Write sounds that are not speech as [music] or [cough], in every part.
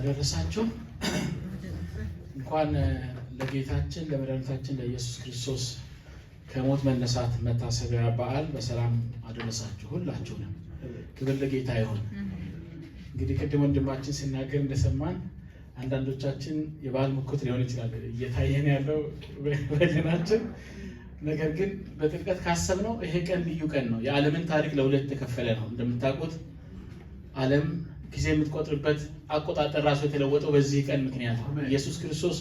አደረሳችሁ። እንኳን ለጌታችን ለመድኃኒታችን ለኢየሱስ ክርስቶስ ከሞት መነሳት መታሰቢያ በዓል በሰላም አደረሳችሁ ሁላችሁንም። ክብር ለጌታ ይሁን። እንግዲህ ቅድም ወንድማችን ሲናገር እንደሰማን አንዳንዶቻችን የበዓል ሙኩት ሊሆን ይችላል እየታየን ያለው በደናችን። ነገር ግን በጥልቀት ካሰብነው ይሄ ቀን ልዩ ቀን ነው። የዓለምን ታሪክ ለሁለት የተከፈለ ነው እንደምታውቁት ዓለም ጊዜ የምትቆጥርበት አቆጣጠር ራሱ የተለወጠው በዚህ ቀን ምክንያት ነው። ኢየሱስ ክርስቶስ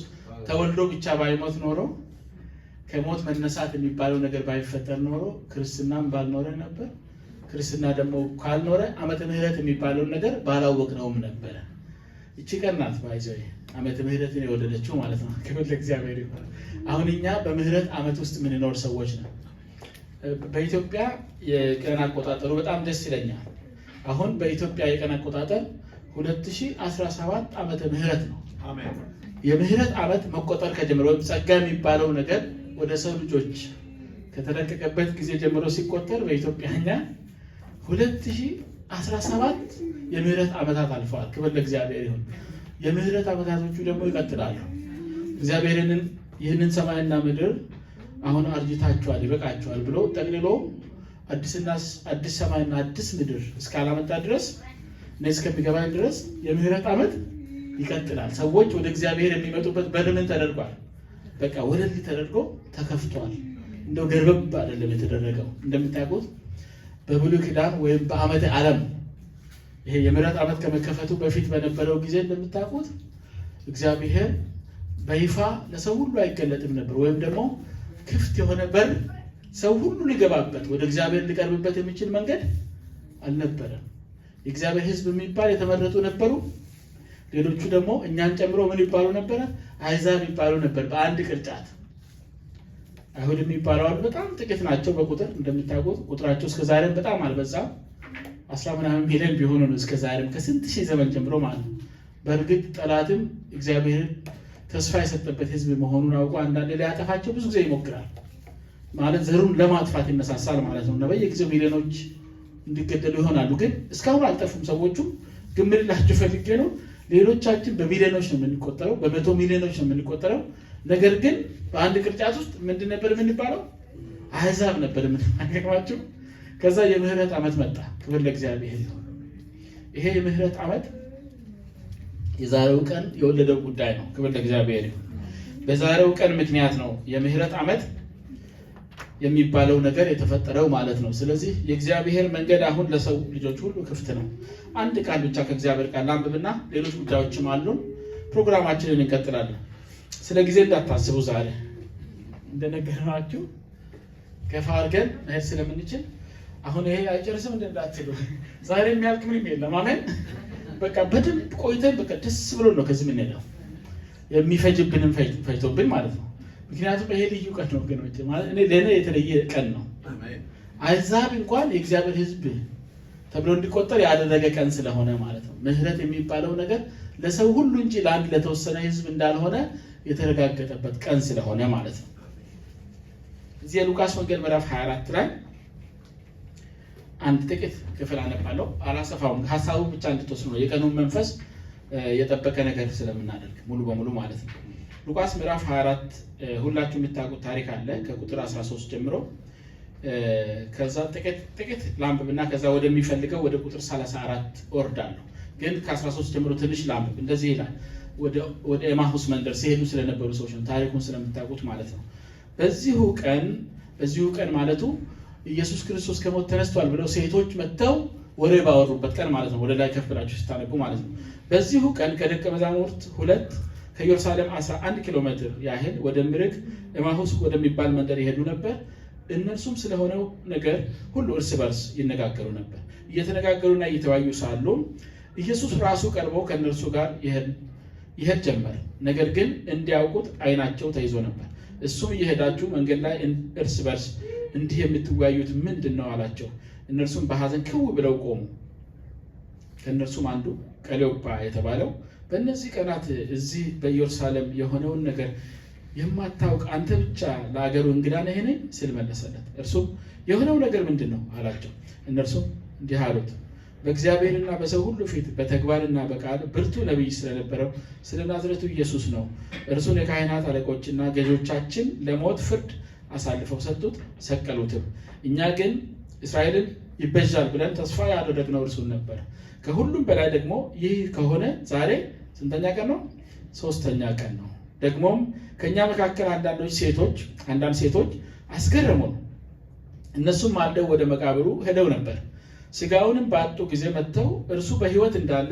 ተወልዶ ብቻ ባይሞት ኖሮ ከሞት መነሳት የሚባለው ነገር ባይፈጠር ኖሮ ክርስትናም ባልኖረ ነበር። ክርስትና ደግሞ ካልኖረ ዓመተ ምሕረት የሚባለውን ነገር ባላወቅነውም ነበረ። እቺ ቀን ናት ባይዘ ዓመተ ምሕረትን የወለደችው ማለት ነው። ክብር ለእግዚአብሔር ይሁን። አሁን እኛ በምሕረት ዓመት ውስጥ የምንኖር ሰዎች ነው። በኢትዮጵያ የቀን አቆጣጠሩ በጣም ደስ ይለኛል። አሁን በኢትዮጵያ የቀን አቆጣጠር 2017 ዓመተ ምህረት ነው። የምህረት ዓመት መቆጠር ከጀመረ ወይም ጸጋ የሚባለው ነገር ወደ ሰው ልጆች ከተለቀቀበት ጊዜ ጀምሮ ሲቆጠር በኢትዮጵያኛ 2017 የምህረት ዓመታት አልፈዋል። ክብር ለእግዚአብሔር ይሁን። የምህረት ዓመታቶቹ ደግሞ ይቀጥላሉ። እግዚአብሔርን ይህንን ሰማይና ምድር አሁን አርጅታችኋል፣ ይበቃችኋል ብሎ ጠቅልሎ አዲስ ሰማይና አዲስ ምድር እስካላመጣ ድረስ እና እስከሚገባኝ ድረስ የምህረት ዓመት ይቀጥላል። ሰዎች ወደ እግዚአብሔር የሚመጡበት ምን ተደርጓል። በቃ ወለል ተደርጎ ተከፍቷል። እንደው ገርበብ አይደለም የተደረገው። እንደምታውቁት በብሉይ ኪዳን ወይም በዓመተ ዓለም ይሄ የምህረት ዓመት ከመከፈቱ በፊት በነበረው ጊዜ እንደምታውቁት እግዚአብሔር በይፋ ለሰው ሁሉ አይገለጥም ነበር ወይም ደግሞ ክፍት የሆነ በር ሰው ሁሉ ሊገባበት ወደ እግዚአብሔር ሊቀርብበት የሚችል መንገድ አልነበረም። የእግዚአብሔር ሕዝብ የሚባል የተመረጡ ነበሩ። ሌሎቹ ደግሞ እኛን ጨምሮ ምን ይባሉ ነበረ? አሕዛብ ይባሉ ነበር። በአንድ ቅርጫት አይሁድ የሚባለው በጣም ጥቂት ናቸው በቁጥር እንደምታውቁት፣ ቁጥራቸው እስከዛሬም በጣም አልበዛም። አስራ ምናምን ሚሊዮን ቢሆኑ ነው እስከዛሬም ከስንት ሺህ ዘመን ጀምሮ ማለት ነው። በእርግጥ ጠላትም እግዚአብሔርን ተስፋ የሰጠበት ሕዝብ መሆኑን አውቆ አንዳንድ ሊያጠፋቸው ብዙ ጊዜ ይሞክራል። ማለት ዘሩን ለማጥፋት ይመሳሳል ማለት ነው እና በየጊዜው ሚሊዮኖች እንዲገደሉ ይሆናሉ። ግን እስካሁን አልጠፉም ሰዎቹ። ግን ፈልጌ ነው ሌሎቻችን በሚሊዮኖች ነው የምንቆጠረው፣ በመቶ ሚሊዮኖች ነው የምንቆጠረው። ነገር ግን በአንድ ቅርጫት ውስጥ ምንድን ነበር የምንባለው? አህዛብ ነበር የምንገባቸው። ከዛ የምህረት ዓመት መጣ። ክብር ለእግዚአብሔር። ይሄ የምህረት ዓመት የዛሬው ቀን የወለደው ጉዳይ ነው። ክብር ለእግዚአብሔር። በዛሬው ቀን ምክንያት ነው የምህረት ዓመት የሚባለው ነገር የተፈጠረው ማለት ነው። ስለዚህ የእግዚአብሔር መንገድ አሁን ለሰው ልጆች ሁሉ ክፍት ነው። አንድ ቃል ብቻ ከእግዚአብሔር ቃል ላንብብና ሌሎች ጉዳዮችም አሉ፣ ፕሮግራማችንን እንቀጥላለን። ስለ ጊዜ እንዳታስቡ። ዛሬ እንደነገርናችሁ ገፋ አድርገን መሄድ ስለምንችል አሁን ይሄ አይጨርስም እንዳትሉ። ዛሬ የሚያልቅ ምንም የለም። አሜን። በቃ በደንብ ቆይተን በቃ ደስ ብሎ ነው ከዚህ የምንሄደው። የሚፈጅብንም ፈጅቶብን ማለት ነው። ምክንያቱም ይሄ ልዩ ቀን ነው ወገኖች፣ እኔ ለእኔ የተለየ ቀን ነው። አሕዛብ እንኳን የእግዚአብሔር ሕዝብ ተብሎ እንዲቆጠር ያደረገ ቀን ስለሆነ ማለት ነው። ምሕረት የሚባለው ነገር ለሰው ሁሉ እንጂ ለአንድ ለተወሰነ ሕዝብ እንዳልሆነ የተረጋገጠበት ቀን ስለሆነ ማለት ነው። እዚህ የሉቃስ ወንጌል ምዕራፍ 24 ላይ አንድ ጥቂት ክፍል አነባለሁ። አላሰፋውም፣ ሀሳቡ ብቻ እንድትወስኑ ነው። የቀኑን መንፈስ የጠበቀ ነገር ስለምናደርግ ሙሉ በሙሉ ማለት ነው። ሉቃስ ምዕራፍ 24 ሁላችሁ የምታውቁት ታሪክ አለ። ከቁጥር 13 ጀምሮ ከዛ ጥቂት ጥቂት ላንብብና ከዛ ወደሚፈልገው ወደ ቁጥር 34 እወርዳለሁ። ግን ከ13 ጀምሮ ትንሽ ላንብብ። እንደዚህ ይላል። ወደ ኤማሁስ መንደር ሲሄዱ ስለነበሩ ሰዎች ነው፣ ታሪኩን ስለምታውቁት ማለት ነው። በዚሁ ቀን በዚሁ ቀን ማለቱ ኢየሱስ ክርስቶስ ከሞት ተነስቷል ብለው ሴቶች መጥተው ወሬ ባወሩበት ቀን ማለት ነው። ወደ ላይ ከፍ ብላችሁ ስታነቡ ማለት ነው። በዚሁ ቀን ከደቀ መዛሙርት ሁለት ከኢየሩሳሌም 11 ኪሎ ሜትር ያህል ወደ ምርግ ኤማሁስ ወደሚባል መንደር ይሄዱ ነበር። እነርሱም ስለሆነው ነገር ሁሉ እርስ በርስ ይነጋገሩ ነበር። እየተነጋገሩና እየተወያዩ ሳሉ ኢየሱስ ራሱ ቀርቦ ከእነርሱ ጋር ይሄድ ጀመር። ነገር ግን እንዲያውቁት ዓይናቸው ተይዞ ነበር። እሱም እየሄዳችሁ መንገድ ላይ እርስ በርስ እንዲህ የምትወያዩት ምንድን ነው አላቸው። እነርሱም በሐዘን ክው ብለው ቆሙ። ከእነርሱም አንዱ ቀለዮጳ የተባለው በእነዚህ ቀናት እዚህ በኢየሩሳሌም የሆነውን ነገር የማታውቅ አንተ ብቻ ለአገሩ እንግዳ ነህን ስል መለሰለት። እርሱም የሆነው ነገር ምንድን ነው አላቸው። እነርሱም እንዲህ አሉት፣ በእግዚአብሔርና በሰው ሁሉ ፊት በተግባርና በቃል ብርቱ ነቢይ ስለነበረው ስለ ናዝረቱ ኢየሱስ ነው። እርሱን የካህናት አለቆችና ገዦቻችን ለሞት ፍርድ አሳልፈው ሰጡት፣ ሰቀሉትም። እኛ ግን እስራኤልን ይበጃል ብለን ተስፋ ያደረግነው እርሱን ነበር። ከሁሉም በላይ ደግሞ ይህ ከሆነ ዛሬ ስንተኛ ቀን ነው? ሶስተኛ ቀን ነው። ደግሞም ከእኛ መካከል አንዳንዶች ሴቶች አንዳንድ ሴቶች አስገረሙን። እነሱም አልደው ወደ መቃብሩ ሄደው ነበር። ስጋውንም ባጡ ጊዜ መጥተው እርሱ በሕይወት እንዳለ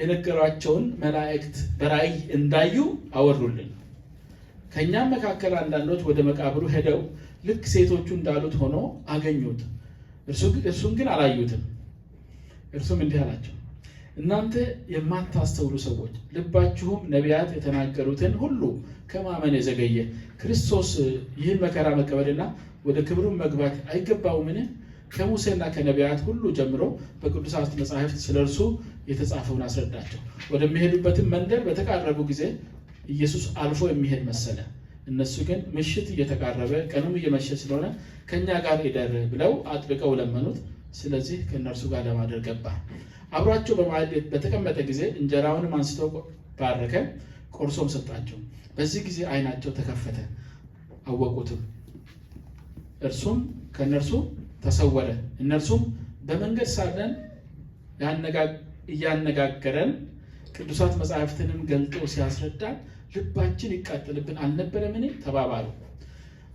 የነገሯቸውን መላእክት በራእይ እንዳዩ አወሩልን። ከእኛም መካከል አንዳንዶች ወደ መቃብሩ ሄደው ልክ ሴቶቹ እንዳሉት ሆኖ አገኙት። እርሱም ግን አላዩትም። እርሱም እንዲህ አላቸው፣ እናንተ የማታስተውሉ ሰዎች፣ ልባችሁም ነቢያት የተናገሩትን ሁሉ ከማመን የዘገየ ክርስቶስ ይህን መከራ መቀበልና ወደ ክብሩን መግባት አይገባውምን? ከሙሴና ከነቢያት ሁሉ ጀምሮ በቅዱሳት መጽሐፍት ስለ እርሱ የተጻፈውን አስረዳቸው። ወደሚሄዱበትም መንደር በተቃረቡ ጊዜ ኢየሱስ አልፎ የሚሄድ መሰለ። እነሱ ግን ምሽት እየተቃረበ ቀኑም እየመሸ ስለሆነ ከእኛ ጋር ሄደር ብለው አጥብቀው ለመኑት። ስለዚህ ከእነርሱ ጋር ለማደር ገባ። አብሯቸው በማዕድ በተቀመጠ ጊዜ እንጀራውንም አንስተው ባረከ፣ ቆርሶም ሰጣቸው። በዚህ ጊዜ ዓይናቸው ተከፈተ፣ አወቁትም። እርሱም ከእነርሱ ተሰወረ። እነርሱም በመንገድ ሳለን እያነጋገረን ቅዱሳት መጽሐፍትንም ገልጦ ሲያስረዳን ልባችን ይቃጠልብን አልነበረምን? ተባባሉ።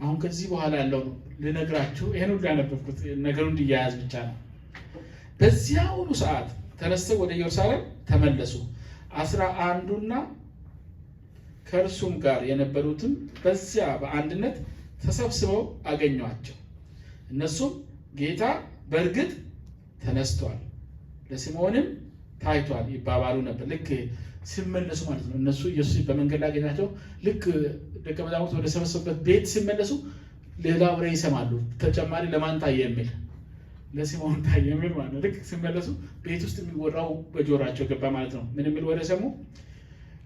አሁን ከዚህ በኋላ ያለው ልነግራችሁ ይህን ሁሉ ያነበብኩት ነገሩ እንዲያያዝ ብቻ ነው። በዚያውኑ ሰዓት ተነስተው ወደ ኢየሩሳሌም ተመለሱ። አስራ አንዱና ከእርሱም ጋር የነበሩትም በዚያ በአንድነት ተሰብስበው አገኟቸው። እነሱም ጌታ በእርግጥ ተነስቷል፣ ለስምዖንም ታይቷል ይባባሉ ነበር። ልክ ሲመለሱ ማለት ነው እነሱ ኢየሱስ በመንገድ ላይ አገኛቸው። ልክ ደቀ መዛሙርት ወደ ሰበሰቡበት ቤት ሲመለሱ ሌላ ወሬ ይሰማሉ። ተጨማሪ ለማን ታየ የሚል ለሲሞን ታየ የሚል ማለት ነው። ልክ ሲመለሱ ቤት ውስጥ የሚወራው በጆሯቸው ገባ ማለት ነው። ምን የሚል ወደ ሰሙ?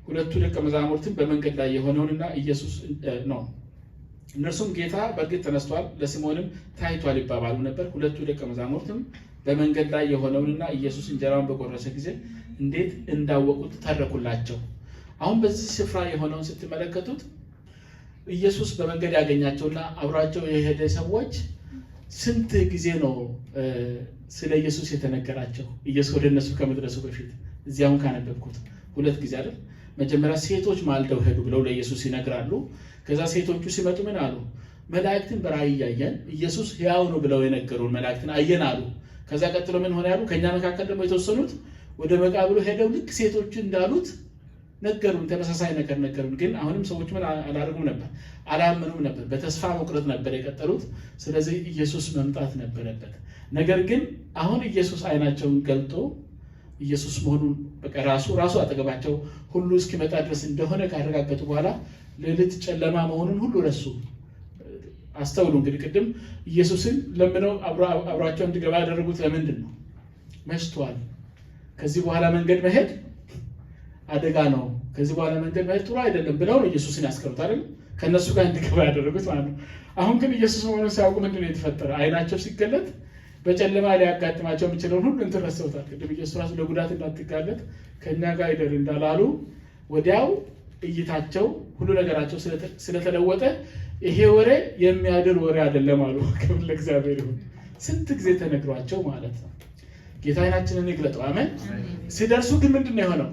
ሁለቱ ደቀ መዛሙርትን በመንገድ ላይ የሆነውንና ኢየሱስ ነው። እነርሱም ጌታ በእርግጥ ተነስቷል፣ ለሲሞንም ታይቷል ይባባሉ ነበር። ሁለቱ ደቀ መዛሙርትም በመንገድ ላይ የሆነውንና ኢየሱስ እንጀራውን በቆረሰ ጊዜ እንዴት እንዳወቁት ተረኩላቸው። አሁን በዚህ ስፍራ የሆነውን ስትመለከቱት ኢየሱስ በመንገድ ያገኛቸውና አብሯቸው የሄደ ሰዎች ስንት ጊዜ ነው ስለ ኢየሱስ የተነገራቸው? ኢየሱስ ወደ እነሱ ከመድረሱ በፊት እዚያውን ካነበብኩት ሁለት ጊዜ አይደል? መጀመሪያ ሴቶች ማልደው ሄዱ ብለው ለኢየሱስ ይነግራሉ። ከዛ ሴቶቹ ሲመጡ ምን አሉ? መላእክትን በራእይ እያየን ኢየሱስ ሕያው ነው ብለው የነገሩን መላእክትን አየን አሉ። ከዛ ቀጥሎ ምን ሆነ ያሉ ከእኛ መካከል ደግሞ የተወሰኑት ወደ መቃብሩ ሄደው ልክ ሴቶች እንዳሉት ነገሩን፣ ተመሳሳይ ነገር ነገሩን። ግን አሁንም ሰዎች ምን አላደርጉም ነበር፣ አላመኑም ነበር። በተስፋ መቁረጥ ነበር የቀጠሉት። ስለዚህ ኢየሱስ መምጣት ነበረበት። ነገር ግን አሁን ኢየሱስ አይናቸውን ገልጦ ኢየሱስ መሆኑን በቃ ራሱ ራሱ አጠገባቸው ሁሉ እስኪመጣ ድረስ እንደሆነ ካረጋገጡ በኋላ ሌሊት ጨለማ መሆኑን ሁሉ ረሱ። አስተውሉ እንግዲህ ቅድም ኢየሱስን ለምነው አብሯቸው እንዲገባ ያደረጉት ለምንድን ነው? መሽቷል። ከዚህ በኋላ መንገድ መሄድ አደጋ ነው፣ ከዚህ በኋላ መንገድ መሄድ ጥሩ አይደለም ብለው ነው ኢየሱስን ያስቀሩት አይደለም፣ ከእነሱ ጋር እንዲገባ ያደረጉት ማለት ነው። አሁን ግን ኢየሱስ መሆኑን ሲያውቁ ምንድን ነው የተፈጠረ? አይናቸው ሲገለጥ በጨለማ ሊያጋጥማቸው የሚችለውን ሁሉ እንትን ረስተውታል። ቅድም ኢየሱስ ራሱ ለጉዳት እንዳትጋለጥ ከእኛ ጋር ይደር እንዳላሉ ወዲያው እይታቸው ሁሉ ነገራቸው ስለተለወጠ ይሄ ወሬ የሚያድር ወሬ አይደለም አሉ። [laughs] ክብር ለእግዚአብሔር ይሁን። ስንት ጊዜ ተነግሯቸው ማለት ነው። ጌታ አይናችንን ይግለጠው። አሜን። ሲደርሱ ግን ምንድን ነው የሆነው?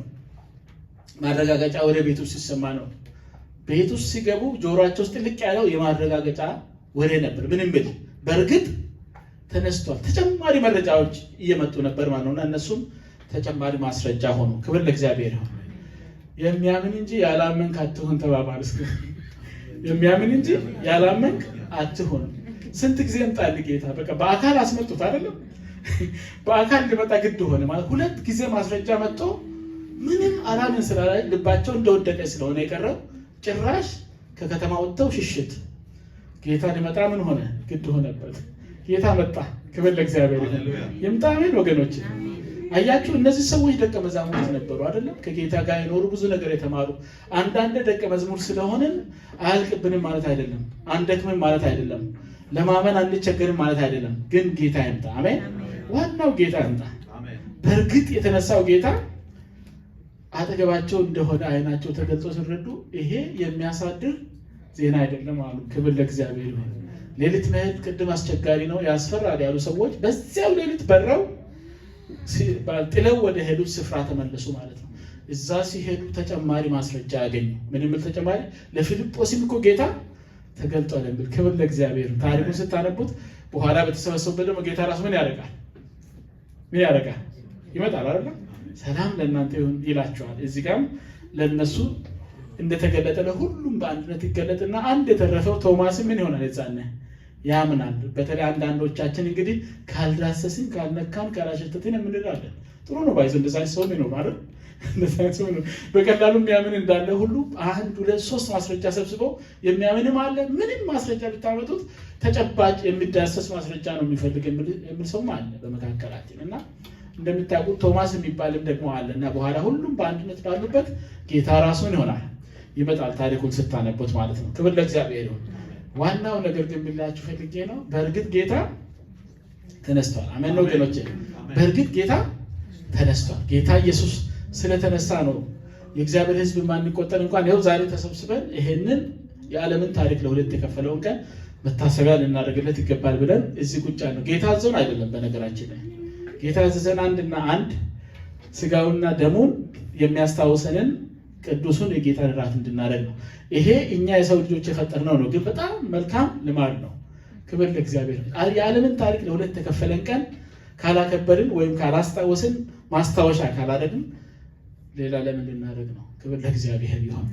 ማረጋገጫ ወሬ ቤት ውስጥ ሲሰማ ነው። ቤት ውስጥ ሲገቡ ጆሮቸው ውስጥ ልቅ ያለው የማረጋገጫ ወሬ ነበር። ምንም ብል በእርግጥ ተነስቷል። ተጨማሪ መረጃዎች እየመጡ ነበር ማለት ነው። እና እነሱም ተጨማሪ ማስረጃ ሆኑ። ክብር ለእግዚአብሔር ይሁን። የሚያምን እንጂ ያላመንክ አትሆን ተባባል። እስኪ የሚያምን እንጂ ያላመንክ አትሆን። ስንት ጊዜ እንጣል ጌታ በቃ በአካል አስመጡት አይደለም በአካል ሊመጣ ግድ ሆነ ማለት ሁለት ጊዜ ማስረጃ መጥቶ ምንም አላምን ስላላይ ልባቸው እንደወደቀ ስለሆነ የቀረው ጭራሽ ከከተማ ወጥተው ሽሽት ጌታ ሊመጣ ምን ሆነ ግድ ሆነበት ጌታ መጣ ክብር ለእግዚአብሔር ይሁን። ይምጣ አሜን ወገኖች አያችሁ እነዚህ ሰዎች ደቀ መዛሙርት ነበሩ አይደለም ከጌታ ጋር የኖሩ ብዙ ነገር የተማሩ አንዳንድ ደቀ መዝሙር ስለሆንን አያልቅብንም ማለት አይደለም አንደክምም ማለት አይደለም ለማመን አንቸገርም ማለት አይደለም ግን ጌታ ይምጣ አሜን ዋናው ጌታ ይምጣ በእርግጥ የተነሳው ጌታ አጠገባቸው እንደሆነ አይናቸው ተገልጾ ሲረዱ ይሄ የሚያሳድር ዜና አይደለም አሉ ክብር ለእግዚአብሔር ይሁን ሌሊት መሄድ ቅድም አስቸጋሪ ነው ያስፈራል ያሉ ሰዎች በዚያው ሌሊት በረው ጥለው ወደ ሄዱት ስፍራ ተመለሱ ማለት ነው። እዛ ሲሄዱ ተጨማሪ ማስረጃ ያገኙ። ምን የሚል ተጨማሪ? ለፊልጶስም እኮ ጌታ ተገልጧል የሚል ክብር ለእግዚአብሔር። ታሪኩን ስታነቡት በኋላ በተሰበሰቡበት ደግሞ ጌታ ራሱ ምን ያደርጋል? ምን ያደርጋል? ይመጣል አለ ሰላም ለእናንተ ይሁን ይላቸዋል። እዚህ ጋም ለእነሱ እንደተገለጠ ለሁሉም በአንድነት ይገለጥና አንድ የተረፈው ቶማስ ምን ይሆናል የዛነ ያምናል። በተለይ አንዳንዶቻችን እንግዲህ ካልዳሰስን፣ ካልነካን፣ ካላሸተትን የምንላለን። ጥሩ ነው ባይዘ እንደዛ ሰው [laughs] ነው ማለት በቀላሉ የሚያምን እንዳለ ሁሉ አንድ ሁለት ሶስት ማስረጃ ሰብስበው የሚያምንም አለ። ምንም ማስረጃ ብታመጡት ተጨባጭ የሚዳሰስ ማስረጃ ነው የሚፈልግ የሚል ሰውም አለ በመካከላችን እና እንደምታውቁት ቶማስ የሚባልም ደግሞ አለ እና በኋላ ሁሉም በአንድነት ባሉበት ጌታ ራሱን ይሆናል ይመጣል። ታሪኩን ስታነቦት ማለት ነው። ክብር ለእግዚአብሔር ይሁን። ዋናው ነገር ግን ብላችሁ ፈልጌ ነው። በእርግጥ ጌታ ተነስቷል። አሜን ነው ወገኖች፣ በእርግጥ ጌታ ተነስቷል። ጌታ ኢየሱስ ስለተነሳ ነው የእግዚአብሔር ሕዝብ ማንቆጠር እንኳን ይኸው ዛሬ ተሰብስበን ይሄንን የዓለምን ታሪክ ለሁለት የከፈለውን ቀን መታሰቢያ ልናደርግለት ይገባል ብለን እዚህ ቁጭ ነው። ጌታ አዘን አይደለም። በነገራችን ላይ ጌታ ያዘዘን አንድና አንድ ስጋውና ደሙን የሚያስታውሰንን ቅዱሱን የጌታን እራት እንድናደርግ ነው። ይሄ እኛ የሰው ልጆች የፈጠርነው ነው፣ ግን በጣም መልካም ልማድ ነው። ክብር ለእግዚአብሔር። የዓለምን ታሪክ ለሁለት የተከፈለን ቀን ካላከበርን ወይም ካላስታወስን ማስታወሻ ካላደግን ሌላ ለምን ልናደርግ ነው? ክብር ለእግዚአብሔር ይሆን።